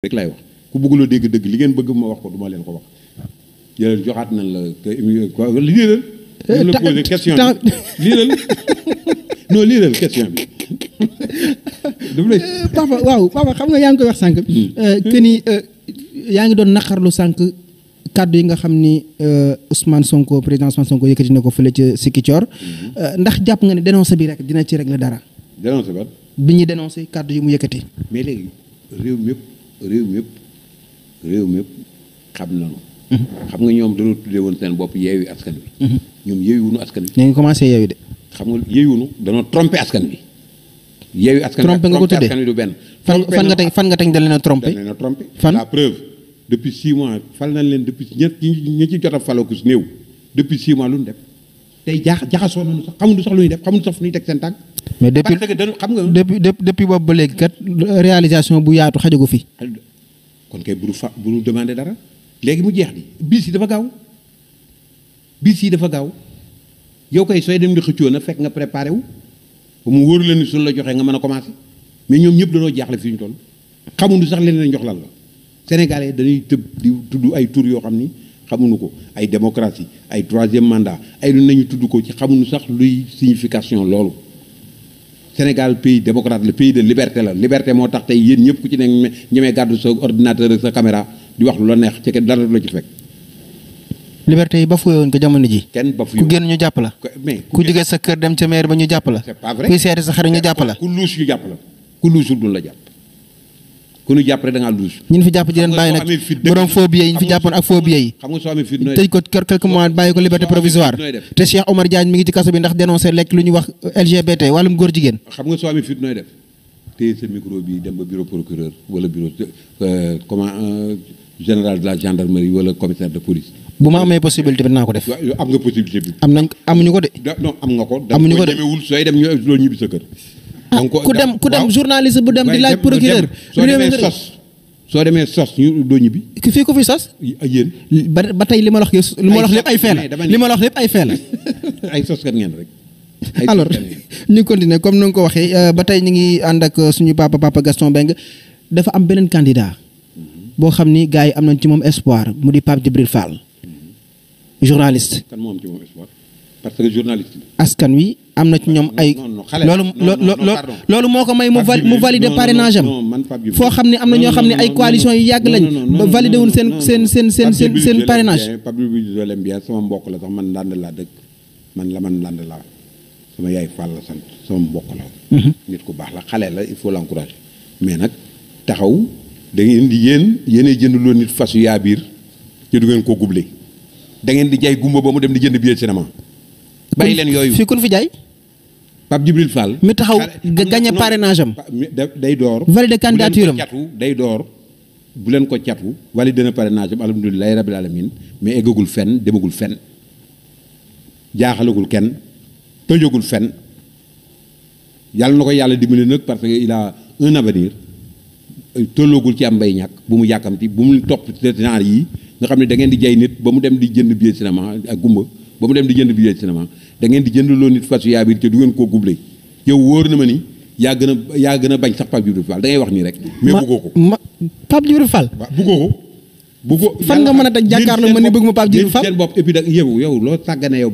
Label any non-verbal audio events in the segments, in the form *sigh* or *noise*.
rek lay wax ku bëggula dégg dëgg li ngeen bëgg ma wax ko du leen ko wax joxaat na la quoi lii lal ño la posé question bi lii lal non lii bi eh, papa waaw papa xam nga yaa ngi koy wax sànq hmm. eh, que ni eh, yaa ngi doon naqarlu sànq kàddu yi nga xam ni Ousmane Sonko président Ousmane Sonko yëkkati na ko fële ca Sikicoor hmm. ndax jàpp nga ne dénoncé bi rek dina ci rek régler dara dénoncé ba bi ñu dénoncé kàddu yi mu yëkkati mais léegi réew mi yëpp réew mi yëpp réew mi yëpp xam nañu. Mhm. xam nga ñoom dañoo tuddee woon seen bopp yeewi askan wi. Mhm. ñoom yeewi wuñu askan wi. ñu ngi commencé yeewi de. xam nga yeewi wuñu dañoo trompé askan bi yeewi askan wi trompé nga ko tuddee askan wi du benn. fan nga tey fan nga tey da leen a trompé. da leen a trompé fan la preuve. depuis six mois fal nañ leen depuis ñett ñu ci jot a faloo ku si néew depuis six mois lu mu def. tey jaax jaxasoo nañu sax xamuñu sax lu ñuy def xamuñu sax fu ñuy teg seen tànk. mais depuis parce que xam nga. depuis depuis boobu ba léegi kat réalisation bu yaatu xajagu fi. kon kay bu ñu fa bu ñu demandé dara léegi mu jeex bi bis yi dafa gaaw bis yi dafa gaaw yow kay sooy dem di xëccoo a fekk nga préparé wu ba mu wóor leen ni suñu la joxee nga mën a commencé mais ñoom ñëpp dañoo jaaxle fi ñu toll xamuñu sax leen lañ jox lan la Sénégalais dañuy tëb di tudd ay tur yoo xam ni. xamuñu ko ay démocratie ay troisième mandat ay lu ñu tudd ko ci xamuñu sax luy signification loolu Sénégal pays démocrate le pays de liberté la liberté moo tax tey yéen ñëpp ku ci ne ñemee gàddu sa ordinateur ak sa caméra di wax lu la neex ci dara du la ci fekk. liberté yi ba fuwe woon ko jamono ji. kenn ba fuwe ku génn ñu jàpp la. ku jóge sa kër dem ca maire ba ñu jàpp la. c'est pas vrai kuy seeti sa xarit ñu jàpp la. jàpp la ku luusul duñ la ku ñu jàpp rek luus ñun fi jàpp di leen nag borom phobie yi ñu fi jàppoon ak phobie yi xam nga soo amee fit mois bàyyi ko liberté provisoire te Cheikh Omar Diagne mi ngi ci kaso bi ndax dénoncé lekk lu ñuy wax LGBT wàllum góor jigéen euh, euh, bu ma amee possibilité bi dinaa ko def. am nañ amuñu ko de. amuñu ko de sooy dem ñu loolu ñibbi sa kër. Ah, donc ku dem ku dem journaliste bu dem di laaj procureur. soo demee sos soo demee sos ñu doo ñibbi. fii ko fi sos. ak yéen. ba ba tey li ma wax li ma wax lépp ay fee li ma wax lépp ay fee *laughs* ay sos kat ngeen rek. alors *laughs* ñu continuer comme ni nga ko waxee euh, ba tey ñu ngi ànd ak euh, suñu papa papa Gaston Mbengue dafa am beneen candidat boo xam ni gars yi am nañ ci moom espoir mu di Pape Djibril Fall mm-hmm. journaliste. moo parce que journaliste askan wi am na ci ñoom ay. loolu loolu moo ko may mu mu valider parrainage am. foo xam ne am na ñoo xam ne ay coalition yu yàgg lañ. ba valider wuñ seen seen seen seen seen seen parrainage. Pape Diouf sama mbokk la sax man Ndande laa dëkk man la man Ndande laa sama yaay Fall la sant sama mbokk la. Mhm. nit ku baax la xale la il faut l'encourager mais nag taxaw da ngeen di yéen yéenay jënd loo nit fas yaa biir te du ngeen ko ngeen di jaay gumba ba mu dem di jënd billet cinéma. bay leen yooyu fii kun fi jaay. Pape Djibril Fall. mi taxaw gagné parrainage am. day door. valide candidature am day door. bu leen ko catu valide na parrainage am alhamdulilahi rabbil alamin mais eggagul fenn demagul fen jaaxalagul kenn tëjagul fenn yàlla na ko yàlla leen nag parce que il a un avenir tolloogul ci am mbay ñàkk bu mu yàkkamti bu mu topp genre yi nga xam ne da ngeen di jay nit ba mu dem di jënd billet cinéma ak gumba ba mu dem di jënd billet cinéma da ngeen di jënd loo nit fas yaa bi te du ngeen koo guble yow wóor na ma ni yaa gën a yaa gën a bañ sax Pape Djibril Fall da ngay wax nii rek. mais bëggoo ko ma Pape Djibril Fall. waaw bëggoo ko. fan nga mën a daj jàkkaarloo ma ni bëgg ma Pape Djibril yow yow loo sàggane yow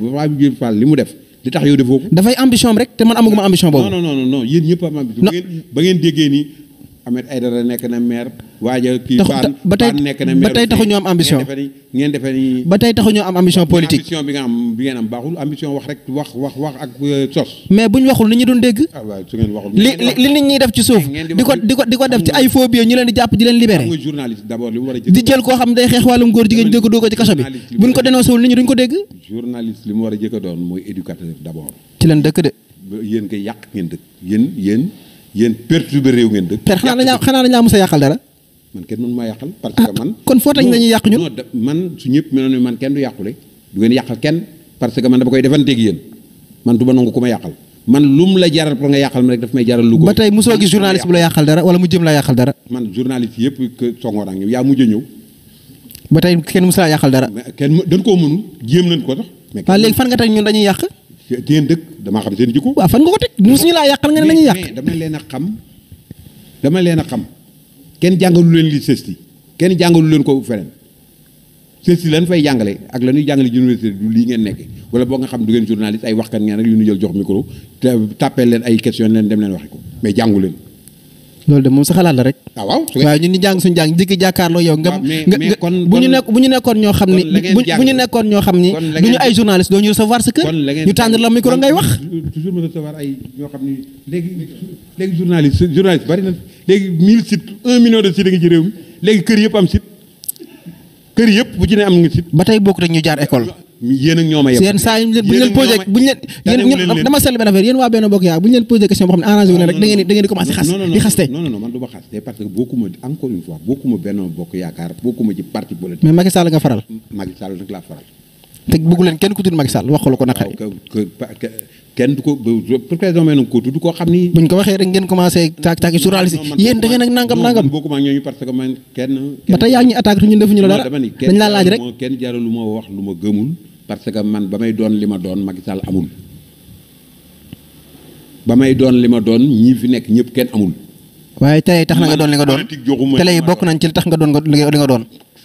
li mu def li tax yow defoo ko. dafay ambition rek te man amaguma ambition boobu. non non non non am ambition. ba ngeen déggee nii Ahmed Aïdara nekk na maire. waaja kii Baan Baan ba tey taxu ñoo am ambition. politique. mais bu waxul nit ñi doon dégg. Ah, li li nit ñi def ci suuf. di ko di ko def ci ay faux ñu leen di jàpp di leen libéré. a jël. di jël koo xam day xeex wàllum góor jigéen jëkk doo ko ci kaso bi. bu ko dénoncé nit ñi duñ ko dégg. ci leen dëkk de. yéen koy yàq ngeen dëkk yéen perturber réew ngeen dëkk. per xanaa xanaa dañaa mos a yàqal dara. man kenn mën maa yàqal. parce ah, que man kon foo tax nañu yàq ñun. man su ñëpp meloon man kenn du yàqule du ngeen yàqal kenn parce que man dama koy defanteeg yéen man du ma nangu yàqal man lum la jaral pour nga yàqal ma rek daf may jaral ba tey mosoo gis journaliste bu la yàqal dara wala mu jëm la yàqal dara. man journaliste yëpp que songoor ak ñëw yaa mujj a ñëw. ba tey kenn mosu laa yàqal dara. kenn koo mënul jéem nañ ko sax. mais léegi fan nga tey ñun dañuy yàq ngeen dëkk damaa xam seen jikko. waaw fan nga ko teg mosuñu laa yàqal nga ne nañu yàq. mais dama leen a xam dama leen a xam kenn jàngalu leen li CESTI kenn jàngalu leen ko feneen CESTI lan fay jàngale ak la ñuy jàngale université du lii ngeen nekk wala boo nga xam du ngeen journaliste ay waxkat ngeen ak yu ñu jël jox micro te tàppee leen ay question leen dem leen waxi ko mais jàngu loolu de moom sa xalaat la rek. ah waaw waaw ñun ñu jàng suñu jàng dikki jàkkaarloo yow. nga kon bu ñu nekk bu ñu nekkoon ñoo xam ni. bu ñu nekkoon xam ni. du ñu ay journaliste doo ñu recevoir sa kër. ñu tànn la micro ngay wax. bari na léegi mille sites un million de sites a ngi ci réew mi léegi kër yëpp am site kër yëpp bu ci am nga site. ba tey bokk rek ñu jaar école. yéen ak ñoom a yem saa yi buñ leen posé buñ dama seetlu benn affaire yéen waa benn bokk yaa buñ leen posé question boo xam ne arrangé rek da ngeen di commencé xas di xaste non man du xas te parce que bokkuma encore une fois bokkuma benn bokk yaakaar bokkuma ci parti politique mais Macky te bëggu leen kenn ku tudd wax ko ko naqari kenn du ko président may nanga koo xam ni buñ ko waxee rek ngeen commencé taak taaki journaliste yéen da ngeen ak nangam nangam bokkuma ak ñooñu parce que man kenn ba tey yaa ngi attaque tu ñun defuñu la dara dañ laa laaj rek kenn jaral lu ma wax lu ma gëmul parce que man ba may doon li ma doon Macky Sall amul ba may doon li ma doon ñii fi nekk ñëpp kenn amul waaye tey tax na nga doon li nga doon télé yi bokk nañ ci li tax nga doon nga li nga doon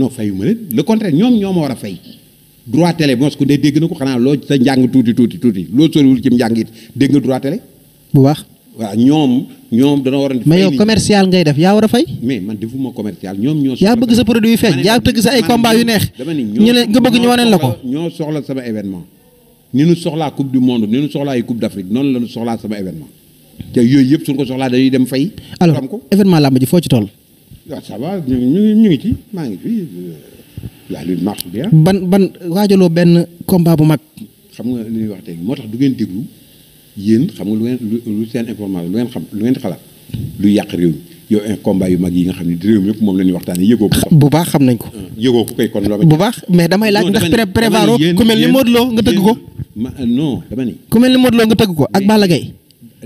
non fayuma leen le contraire ñoom ñoo ma war a fay droit télé mos ku ne dégg na ko xanaa loo sa njàng tuuti tuuti tuuti loo soriwul ci njàng it dégg nga droit télé. bu baax. waa ñoom ñoom dana war a. mais yow commercial ngay def yaa war a fay. mais man ñoom ñoo. yaa bëgg sa produit yu feeñ yaa tëgg sa ay combat yu neex. ñu ne nga bëgg ñu waneen la ko. ñoo soxla sama événement. ni nu soxlaa coupe du monde ni nu soxlaa ay coupe d'Afrique noonu la soxla soxlaa sama événement. te yooyu yëpp dem fay. alors événement làmb ci toll. waaw ah, ça va ñu ngi ñu ci maa ngi fi euh, la lutte marche bien. ban ban waajaloo benn combat bu mag. xam nga li ñuy wax tey moo tax du ngeen déglu yéen xam nga lu ngeen lu seen information lu ngeen xam lu ngeen xalaat lu yàq réew mi yow un combat yu mag yi nga xam ne réew mi yëpp moom la ñuy waxtaanee yëgoo ko. bu baax xam nañ ko. Ah, yëgoo ko kay kon bu baax mais damay laaj ndax pré prévaro ku mel ni Modou Lo nga tëgg ko. non dama ni. ku mel ni Modou Lo nga tëgg ko ak Balla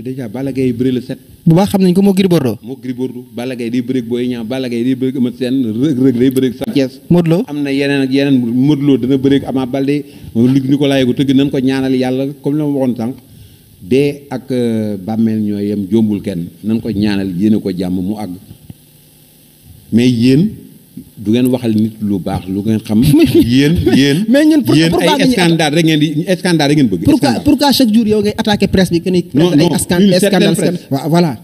déjà Balla Gaye bëri la set. bu baax xam nañ ko moo Gris Bordeaux. moo Gris Bordeaux Balla Gaye day bëri Boy Niang Balla Gaye day bëri Eumeu Sène Reug Reug day bëri Sa Thiès. Modou Lo am na yeneen ak yeneen Modou dana bëri Ama Baldé Luc Nicolaï ko tëgg nañ ko ñaanal yàlla comme la ma waxoon sànq dee ak euh, bàmmeel ñoo yem jombul kenn nan ko ñaanal yéene ko jàmm mu àgg mais yéen. du ngeen waxal nit lu baax lu ngeen xam. *laughs* yéen yéen *laughs* mais ñun yéen pourquoi ay scandale rek ngeen di scandale rek ngeen bëgg. pourquoi pourquoi chaque jour yow ngay attaqué presse bi que ni. non non une certaine presse waaw voilà.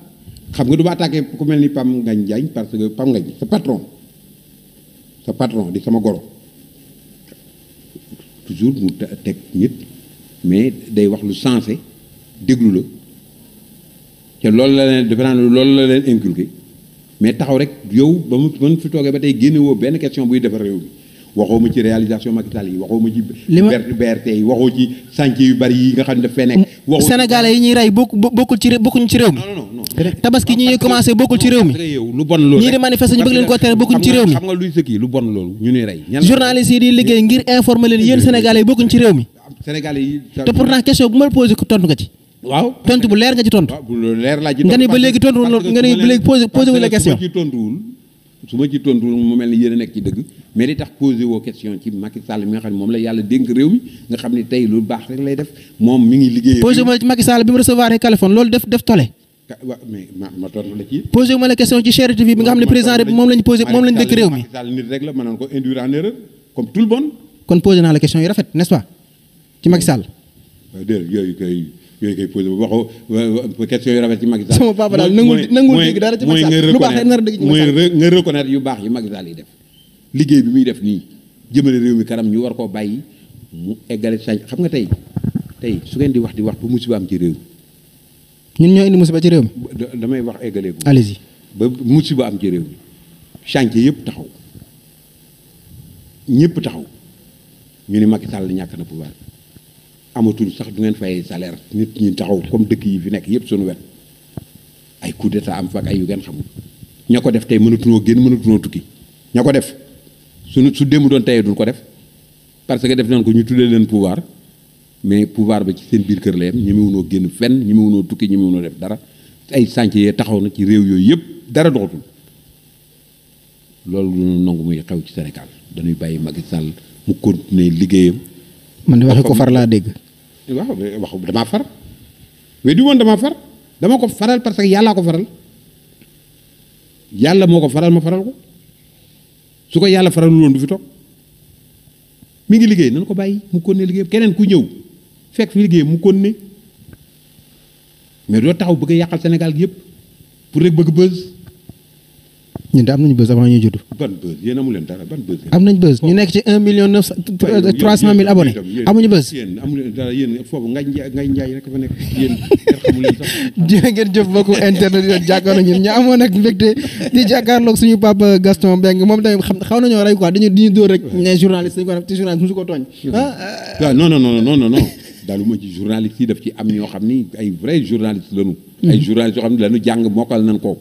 xam nga du ma attaqué ku mel ni Pam Ngagne Ndiagne parce que Pam Ngagne sa patron sa patron di sama goro toujours mu teg nit mais day wax lu sensé déglu la te loolu la leen defe naa lool la leen inculqué. mais taxaw rek yow ba mu ba fi toogee ba tey génne woo benn question buy defar réew mi waxoo ma ci réalisation maquisal yi waxoo ma ci. li ma BRT yi waxoo ci chantier yu bari yi nga xam ne daf fee nekk. waxoo Sénégalais yi ñuy rey bokk bokkul ci bokkuñ ci réew mi. non non tabaski ñuy commencé bokkul ci réew mi. ñu bëgg rey. journaliste yi di liggéey ngir informer leen yéen Sénégalais yi bokkuñ ci réew mi. Sénégalais yi te question bu ma posé ko tontu nga ci waaw tontu bu leer nga ci tontu. waaw bu leer laa ci tontu nga ne ba léegi tontu nga ne ba léegi posé posé la question. su ma ci tontuwul mu mel ni yéen a nekk ci dëgg mais li tax posé question ci Macky liggéey. posé ma ci Macky Sall bi mu recevoir ay téléphone loolu def def tole. waaw la question ci Chéri TV bi nga xam ne président rek moom lañ posé moom lañ dëkk réew mi. kon posé naa la question yu rafet n'est-ce ci Macky yooyu koy posé waxoo question yu rafet ci Macky Sall sama papa daal nangul nangul dégg dara ci Macky Sall lu baax a yu baax yi Macky yi def liggéey bi muy def nii jëmale réew mi kanam ñu war koo bàyyi mu eggale sañ xam nga tey tey su ngeen di wax di wax ba musiba am ci réew mi ñun ñoo indi musiba ci réew mi damay wax eggale ko allez-y ba musiba am ci réew mi chantier yëpp taxaw ñëpp taxaw ñu ni Macky Sall ñàkk na pouvoir amatul sax du ngeen fay salaire nit ñi taxaw comme dëkk yi fi nekk yëpp suñu wet ay coup d'état am fa ay yu ngeen xamul ña ko def tey mënatunoo génn mënatunoo tukki ña ko def suñu su démb doon tey ko def parce que def nañ ko ñu tuddee leen pouvoir mais pouvoir ba ci seen biir kër la yem ñemewunoo génn fenn ñemewunoo tukki ñemewunoo def dara ay sànc yee taxaw na ci réew yooyu yëpp dara doxatul loolu ñu nangu muy xew ci Sénégal dañuy bàyyi Macky Sall mu continuer liggéeyam. man de waxi ko far laa dégg. waaw wax damaa far mais du woon damaa far dama ko faral parce que yàllaa ko faral yàlla moo ko faral ma faral ko su ko yàlla faral loon du fi toog mi ngi liggéey nañ ko bàyyi mu kon ne liggéey keneen ku ñëw fekk fi liggéey mu kon mais doo taxaw bëgg yàqal senegal gi yëpp pour rek bëgg bës ñun de am nañu buzz avant ñuy judd. ban buzz yéen amu leen dara ban buzz. am nañ buzz ñu nekk ci un million neuf euh, trois cent mille abonnés amuñu buzz. yéen amu leen dara yéen foofu ngay ngay njaay rek fa nekk yéen xamu leen sax. jërë ngeen jëf mbokku internet yi jàkkaarloo ñun ñu amoon nag mbégte di jàkkaarloog suñu papa Gaston Mbengue moom tamit xam xaw nañoo rey quoi dañu diñu dóor rek ne journaliste dañu ko def te journaliste mosu ko tooñ. ah, ah non non non non non. daal ma ci journaliste yi daf ci am ñoo xam ni ay vrai journaliste lañu. Mm-hmm. ay journaliste yoo xam ne lañu jàng mokkal nañ ko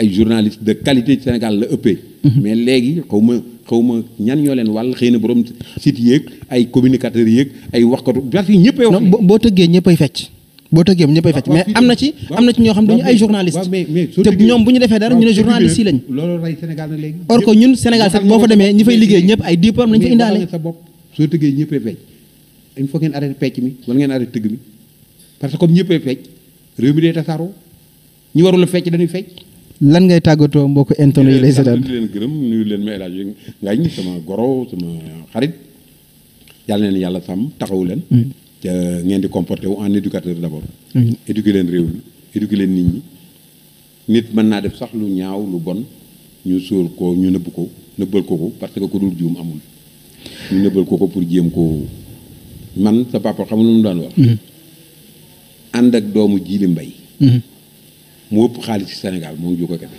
ay journalistes de qualité ci Sénégal la ëppee. Mhm. mais léegi xaw ma ñan ñoo leen wàll xëy na borom site yéeg ay communicateurs yéeg ay waxkatu parce que ñëppay wax. non boo tëggee ñëppay fecc. boo tëggee ñëppay fecc mais am na ci am na ci ñoo xam dañu ay journalistes te ñoom bu ñu defee dara ñu ne journalistes yi lañ loolu rey Sénégal que ñun Sénégal sax boo fa demee ñi fay liggéey ñëpp ay diplôme lañ fa indaale sa bopp soo tëggee ñëppay fecc il faut ngeen arrêté pecc mi wala ngeen arrêté tëgg mi parce que comme ñëppay fecc réew ñu warul a fecc dañuy fecc lan ngay tàggatoo mbokk internet yi lay seetaan di leen gërëm nuyu leen ma El Hadj Ngagne sama goro sama xarit yàlla na leen yàlla sàmm taxawu leen. Mm. ngeen di comporté wu en éducateur d'abord. Mm. éduquer leen réew mi éduquer leen nit ñi. nit mën naa def sax lu ñaaw lu bon ñu sóor ko ñu nëbb ko nëbbal ko ko parce que ku dul juum amul. ñu nëbbal ko ko pour jéem ko man sa papa xam lu mu daan wax. Mm. ànd ak doomu jiili mbay. mu ëpp xaalis ci Sénégal mooy Diogo Kébé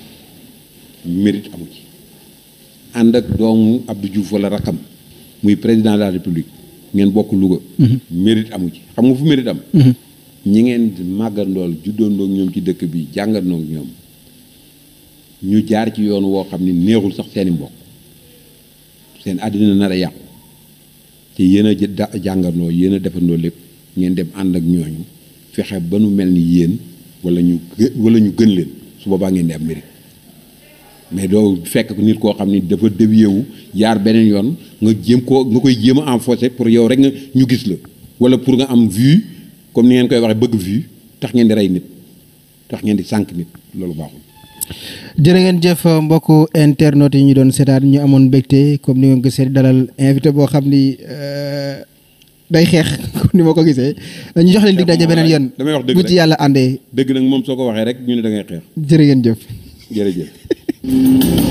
mérite amu ci ànd ak doomu Abdou Diouf wala rakam muy président de la République ngeen bokk Louga. Mhm. mérite amu ci xam nga fu mérite am. Mhm. ñi ngeen màggandool juddoondoog ñoom ci dëkk bi jàngandoog ñoom ñu jaar ci yoonu woo xam ni neexul sax seeni mbokk seen àddina nar a yàqu te yéen jàngandoo yéen a defandoo lépp ngeen dem ànd ak ñooñu fexe ba nu mel ni yéen. wala ñu wala ñu gën leen su boobaa ngeen di am mérite mais doo fekk nit koo xam ni dafa dévié wu jaar beneen yoon nga jéem ko nga koy jéem a enfoncé pour yow rek nga ñu gis la wala pour nga am vue comme ni ngeen koy waxee bëgg vue tax ngeen di rey nit tax ngeen di sànq nit loolu baaxul. jërë ngeen jëf mbokk internet yi ñu doon seetaan ñu amoon mbégte comme ni ngeen ko seet dalal invité boo xam ni. Euh, day xeex ni ma ko gisee ñu jox leen dig daje beneen yoon. damay wax dëgg bu ci yàlla àndee. dëgg nag moom soo ko waxee rek ñu ne dangay ngay xeex. jërë ngeen jëf. jërëjëf. *laughs*